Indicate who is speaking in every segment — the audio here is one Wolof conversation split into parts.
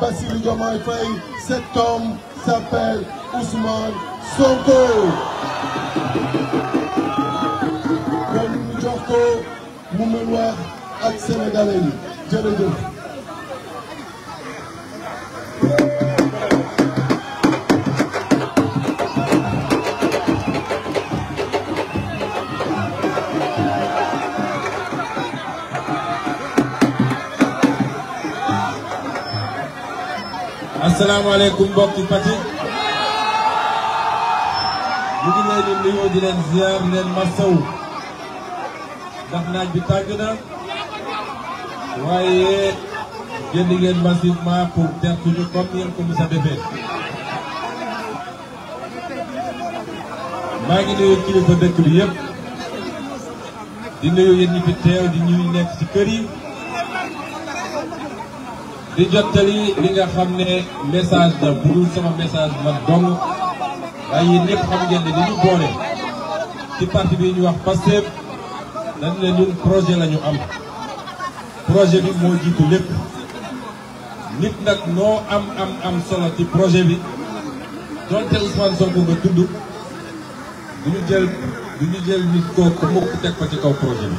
Speaker 1: Bassirou Diomaye Faye cet homme s'appelle Ousmane Sonko kon ñu jox ko mu mën wax ak sénégalais yi
Speaker 2: asalaamaaleykum mbokki Fatick ñu ngi leen di di leen ziar leen masaw ndax naaj bi tàgg na
Speaker 1: waaye génn
Speaker 2: ngeen massivement pour tertuñu comme yéen ko mos a defee maa ngi nuyu kilifa dëkk bi yëpp di nuyu yéen fi teew di ñuy nekk ci kër yi di jottali li nga xam ne message la bu dul sama message man dong waaye yéen ñëpp xam ngeen ne dañu boole ci parti bi ñu wax Pastef dañ ne ñun projet lañu am projet bi moo jiitu lépp nit nag noo am am am solo ci projet bi donte Ousmane Sonko nga tudd du ñu jël du ñu jël nit teg ko ci kaw projet bi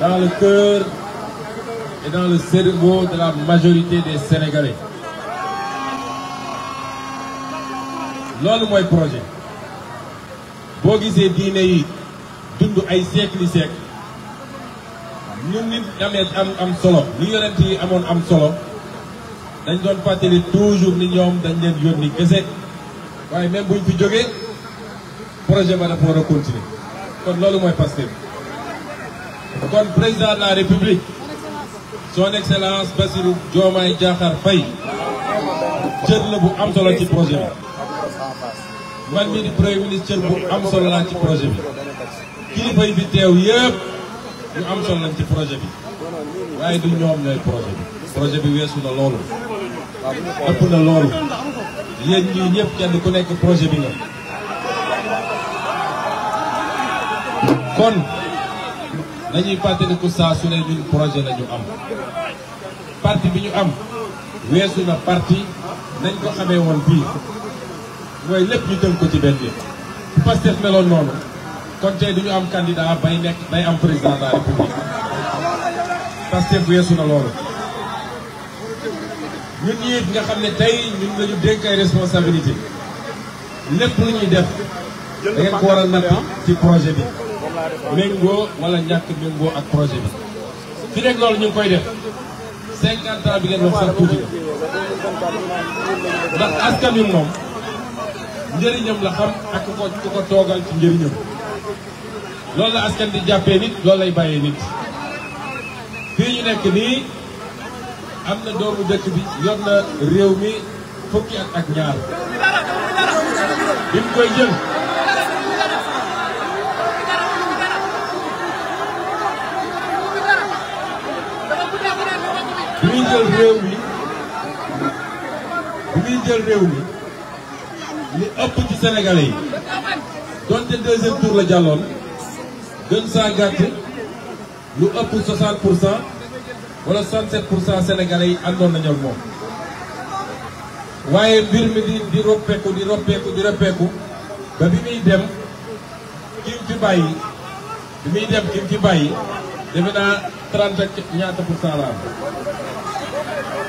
Speaker 2: dans le cœur et dans le cerveau de la majorité des Sénégalais. loolu mooy projet boo gisee diine yi dund ay siècle yi siècle ñun nit amee am am solo li yonent yi amoon am solo dañ doon fàttali toujours ni ñoom dañ leen yónni kese waaye même buñ fi jógee projet ba la war continuer kon loolu mooy passé. kon président de la république son excellence Bassirou Diomaye Diakhar Faye cër la bu am solo ci projet bi man mii premier ministre bu am solo laa ci projet bi kilifa yi fi teew yëpp ñu am solo lañ ci projet bi waaye du ñoom ñooy projet bi projet bi weesu na loolu ëpp na loolu yéen ñii ñëpp kenn ku nekk projet bi nga kon nañuy fàttaliku saa su ne ñun projet la ñu am parti bi ñu am weesu na parti nañ ko xamee woon bii mooy lépp ñu tënk ko ci benn yëpp Pastef meloon noonu kon tey du ñu am candidat bay nekk day am président de la république Pastef weesu na loolu ñun it nga xam ne tey ñun lañu dénk ay responsabilité lépp lu ñuy def da ngeen ko war a ci projet bi méngoo wala ñàkk méngoo ak projet
Speaker 1: bi loolu ñu ngi koy def
Speaker 2: cinquante ans bi ngeen wax sax ndax askan wi moom njëriñam la xam ak ku ko ku ko toogal ci njëriñam loolu la askan di jàppee nit loolu lay bàyyee nit fii ñu nekk nii am na doomu dëkk bi yor na réew mi fukki at ak ñaar bi mu koy jël bi ñuy jël réew mi bi ñuy jël réew
Speaker 1: mi
Speaker 2: li ëpp ci Sénégalais yi
Speaker 1: donte deuxième tour la jàlloon
Speaker 2: gën saa gàtt lu ëpp 60 pour cent wala 67 pour cent Sénégalais yi àndoon nañu ak moom. waaye mbir mi di di roppeeku di roppeeku di roppeeku ba bi muy dem kim fi bàyyi bi muy dem kim fi bàyyi defe naa 30 ak ñaata pour cent la am.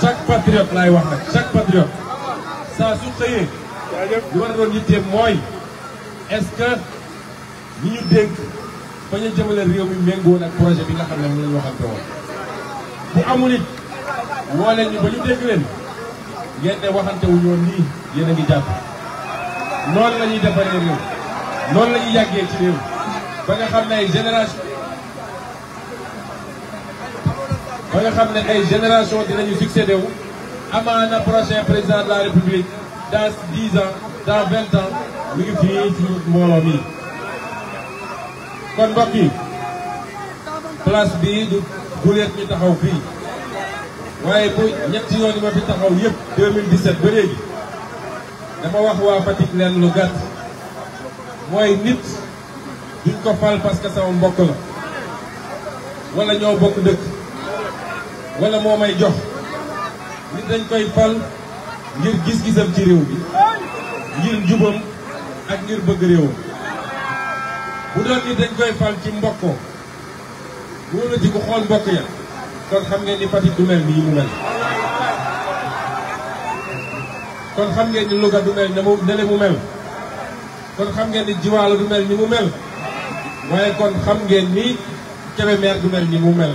Speaker 2: chaque patriote laay wax nag chaque patriote saa su xëyee li war a doon yitteem mooy est-ce que ñi ñu dégg fa ñu jëmale réew mi méngoo ak projet bi nga xam ne moom la ñu waxante woon bu amul it woo leen ñu ba ñu dégg leen ngeen ne waxante wu nii yéen a ngi jàpp noonu la ñuy defaree réew noonu la yàggee ci réew ba nga xam ne ay génération ba nga xam ne ay génération dinañu succédé wu prochain président de la république dans dix ans dans vingt ans mi ngi fii ci mbooloo mi kon mbokk place du ñu taxaw bu ñetti yoon ma fi taxaw 2017 ba léegi dama wax waa Fatick leen lu gàtt mooy nit duñ ko fal parce que sama mbokk la wala ñoo bokk wala moom ay jox nit dañ koy fal ngir gis-gisam ci réew bi ngir jubam ak ngir bëgg réewam bu doon nit dañ koy fal ci mbokkoo wóor na ci ku xool mbokk ya kon xam ngeen ni Fatick du mel ngeen ni mu nele mu mel kon xam ngeen ni Jiwaalo du mel ni mu mel waaye kon xam ngeen ni Kébémer du mel ni mu mel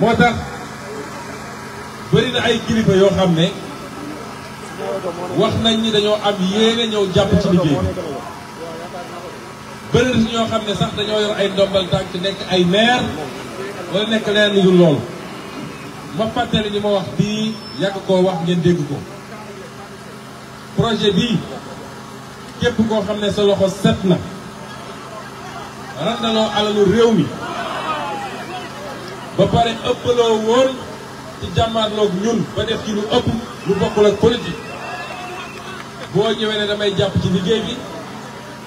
Speaker 2: moo tax bëri na ay kilifa yoo xam ne wax nañ ni dañoo am yéene ñëw jàpp ci liggéey bëri na ñoo xam ne sax dañoo yor ay ndombal tànk nekk ay maire wala nekk leen lu dul ma fàttali ni ma wax bii yàgg koo wax ngeen dégg ko projet bii képp koo xam ne sa loxo set na randaloo alalu réew mi ba pare ëppaloo woon ci jàmmaarloog ñun ba def ci lu ëpp lu bokkul ak politique boo ñëwee ne damay jàpp ci liggéey bi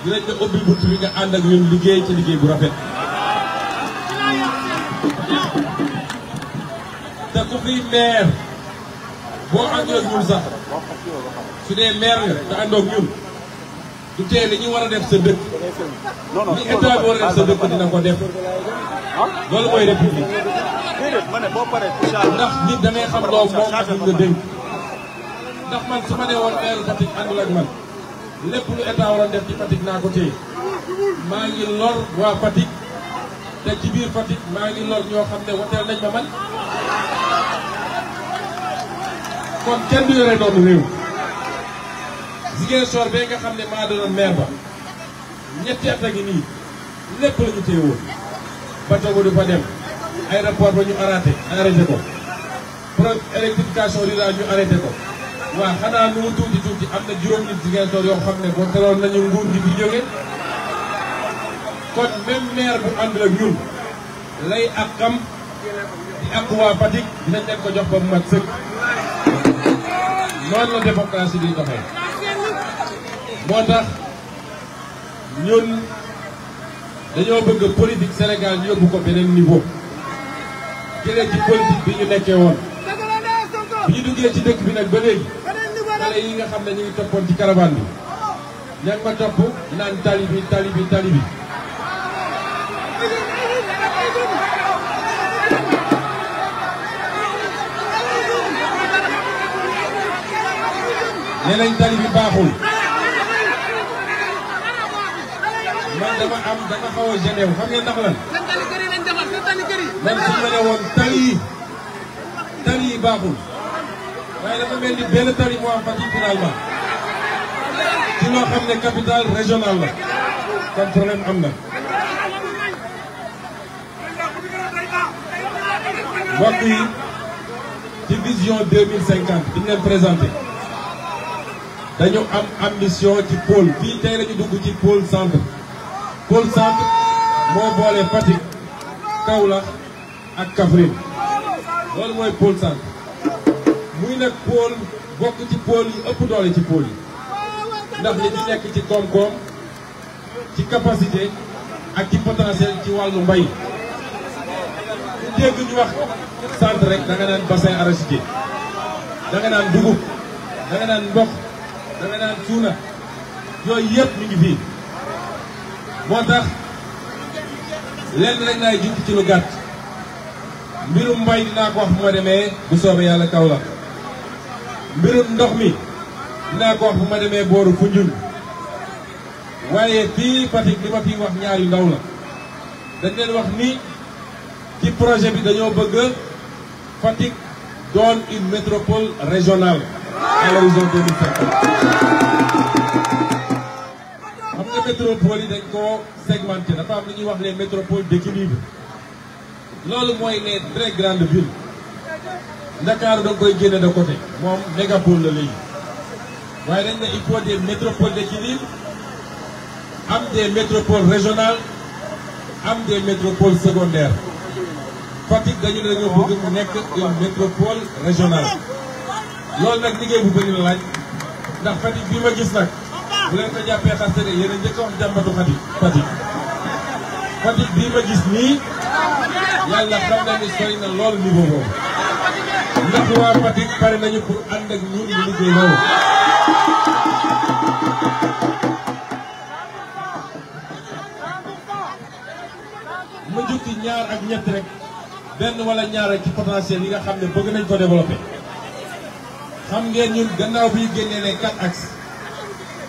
Speaker 2: dinañ la ubbi bunt bi nga ànd ak liggéey ci liggéey bu rafet. te ku fiy maire boo àndul ak ñun sax su dee maire nga nga ñun. du tee li ñu war a def sa dëkk li état bi war a def sa dëkk dina ko def loolu mooy république ndax nit da ngay xam loo moom ak ñu la ndax man su ma nee woon maire Fatick àndul ak man lépp lu état waroon def ci Fatick naa ko téye maa ngi lor waa Fatick te ci biir Fatick maa ngi lor ñoo xam ne wateel nañ ma man kon kenn du yore noonu réew Ziguinchor bee nga xam ne maa doonoon maire ba ñetti at a ngi nii lépp la ñu téyewoon bateau ba du fa dem aéroport ba ñu arrêté arrêté ko pro électrification rurale ñu arrêté ko waaw xanaa nu tuuti tuuti am na juróom nit Ziguinchor yoo xam ne boo teroon nañu nguur gi bi kon même maire bu àndul ak ñun lay ak xam di ak waa Fatick dinañ leen ko jox ba mu mat sëkk noonu la démocratie di doxee moo tax ñun dañoo bëgg politique Sénégal yóbbu ko beneen niveau ci politique bi ñu nekkee woon bi ñu bi nag ba léegi yi nga xam ne ñu toppoon ci caravane bi ña ngi ma topp naan tali bi tali bi tali bi nee tali bi baaxul man dama am dama xaw a génnew xam ngeen ndax lan.
Speaker 1: lan tali kër yi lañ defar woon
Speaker 2: tali yi baaxul. waaye dafa mel ni benn tali moo am Fatick finalement. ci loo xam ne capitale régionale la. kon problème am na. mbokk yi ci vision 2050 bi présenté dañu am ambition ci pôle fii tey la dugg ci pôle centre. pôle centre moo boole Fatick Kaolack ak Kaffrine loolu mooy pôle sant muy nag pôle bokk ci pôle yi ëpp doole ci pôle yi ndax li ci nekk ci koom-koom ci capacité ak ci potentiel ci wàllu mbay dégg ñu wax centre rek da nga naan bassin arachidier da nga naan dugub da naan mboq da naan suuna yooyu yëpp mi ngi fii motax len lañ lay laay ci lu gatt mbiru mbay dina ko wax fuma ma bu soobee yalla kawla mbiru mbirum ndox mi dina ko wax fuma ma boru fujul waye fi fii lima fi wax ñaari ndaw la dañ leen wax ni ci projet bi dañoo bëgg fatik doon une métropole régionale à l'horizon 2050 Après des métropoles yi dañ koo segmenté dafa les métropoles d'équilibre loolu mooy une très grande ville. Dakar, da koy de côté moom mégapole la léegi waaye dañ il faut des métropoles d'équilibre am des métropoles régionales am des métropoles secondaires fatigue, dañu ne dañoo bëgg mu nekk une métropole régionale loolu nag liggéey bu bëri la fatigue ndax Fatick bu ko jàppee xaste de yéen ya wax jàmbatu Fatick Fatick Fatick bii ma gis nii yàlla xam na ni sori na lool niveau boobu ndax waa Fatick pare nañu pour ànd ak ñun ñu liggéey loolu ma jukki ñaar ak ñett rek benn wala ñaar ci potentiel yi nga bëgg nañ ko développer xam ngeen ñun gannaaw bi axes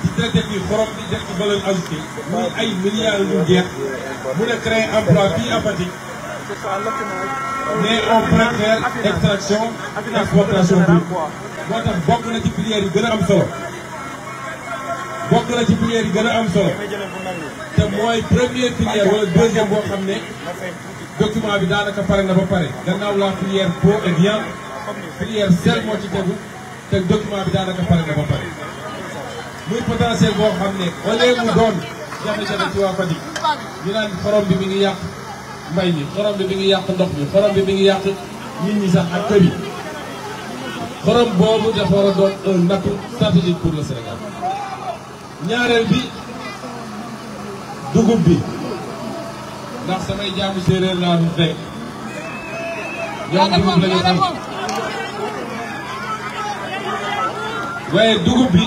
Speaker 2: di traité fii xorom di def ci valeur ajoutée muy ay milliards ñu jeex mun a créer emploi fii à Fatick
Speaker 1: mais on préfère extraction exportation bi
Speaker 2: moo tax bokk na ci filière yi gën a am solo bokk na ci filière yi gën a am solo te mooy première filière wala deuxième boo xam ne document bi daanaka pare na ba pare gannaaw la filière peau et viande filière sel moo ci tegu te document bi daanaka pare na ba pare muy potentiel boo xam ne au lieu mu doon jafe-jafe ci waa Fatick ñu naan xorom bi mi ngi yàq mbay mi xorom bi mi ngi yàq ndox mi xorom bi mi ngi yàq nit ñi sax a kër xorom boobu dafa war a doon un atout stratégique pour le ñaareel bi dugub bi ndax samay jaamu séeréer laa fi fekk ñoom dugub la ñu xam waaye dugub bi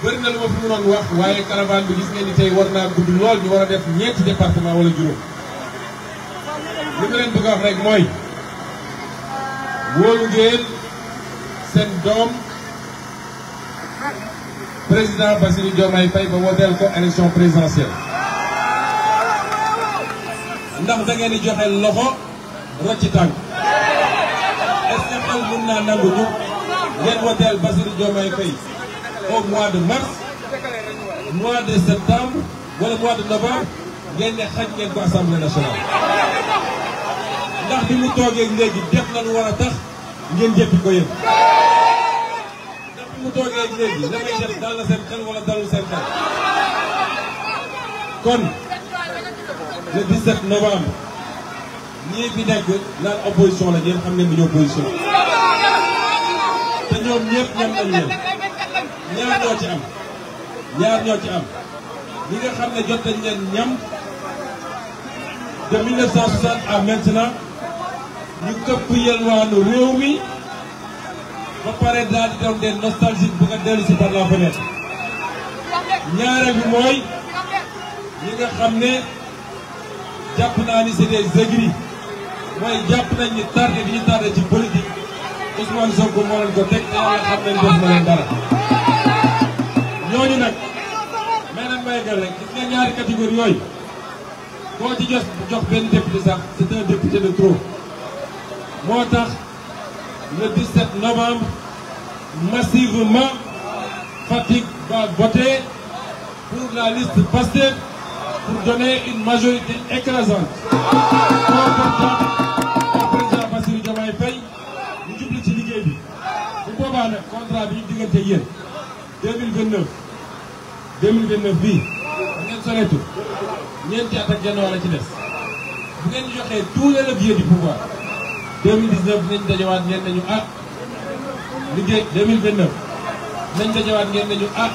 Speaker 2: bëri na lu ma fi mënoon wax waaye caravane bi gis ngeen ni tey war naa gudd lool ñu war a def ñeenti département wala juróom li ma leen bëgg a wax rek mooy wóolu ngeen seen doom président Bassirou Diomaye Faye ba woteel ko élection présidentielle ndax da ngeen di loxo rocci tànk est-ce que xel naa nangu ñu ngeen woteel Bassirou Diomaye Faye au mois de mars mois de septembre wala mois de novembre ngeen ne xañ ngeen ko assemblée nationale. ndax bi mu toogee léegi def nañu war a tax ngeen jéppi ko yéen. ndax bi mu toogee léegi la may def seen xel wala dalul seen xel. kon le 17 novembre ñii fi nekk naan opposition la ngeen xam ne ni ñoo opposition
Speaker 1: te ñoom ñëpp ñam nañ leen. ñaar ñoo ci am
Speaker 2: ñaar ñoo ci am ñi nga xam ne jot nañ leen ñam de 1960 à maintenant ñu këpp yelwaanu réew mi ba pare daal di doon des nostalgiques bu nga dellu si par la fenêtre
Speaker 1: ñaareel bi mooy
Speaker 2: ñi nga xam ne jàpp naa ni c'est des aigris mooy jàpp nañ ni tardé bi ñu tardé ci politique Ousmane Sonko moo leen ko teg te yàlla xam nañ def na leen ñooñu nag mais nag may gal rek gis nga ñaari catégorie yooyu koo ci jox jox benn député sax c'est un député de trop moo tax le 17 novembre massivement Fatigue va voter pour la liste Pastef pour donner une majorité écrasante comportant Le président Bassirou Diomaye Faye ñu ci liggéey bi bu boobaa nag contrat bi ñu diggante yéen 2029 2029 bii bu ngeen soreetu ñeenti at ak genn ci des bu ngeen ñu joxee tous les leviers du pouvoir 2019 dinañ dajawaat ngeen nañu ah liggéey 2029 dinañ dajawaat ngeen nañu ah,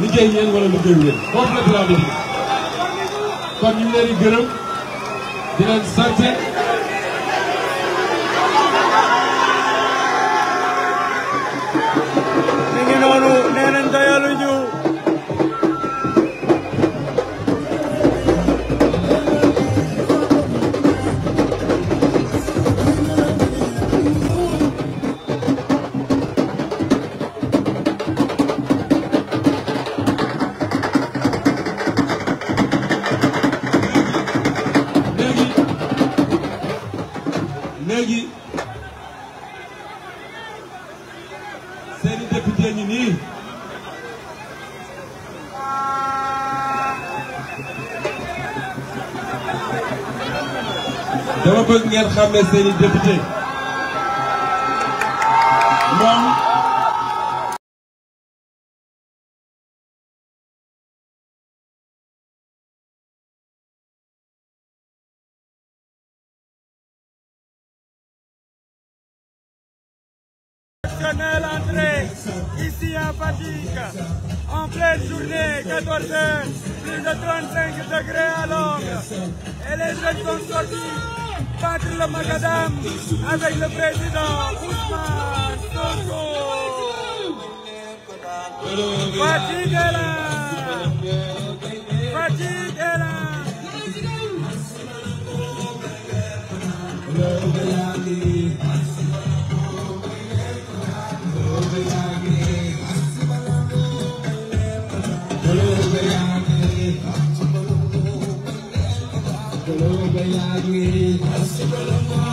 Speaker 2: liggéey ngeen wala liggéeyu ngeen foofu la bilan bi di ñu ngi leen di di leen sant mi ngi noonu tey jii seeni député ñi nii
Speaker 1: dama bëgg ngeen xam ne
Speaker 2: seeni député
Speaker 1: fraternelle André, ici à Fatigue. En pleine journée, 14 h plus de 35 degrés à l'ombre. Et les jeunes sont sortis battre le Magadam avec le président Ousmane Sonko. là. Madrid.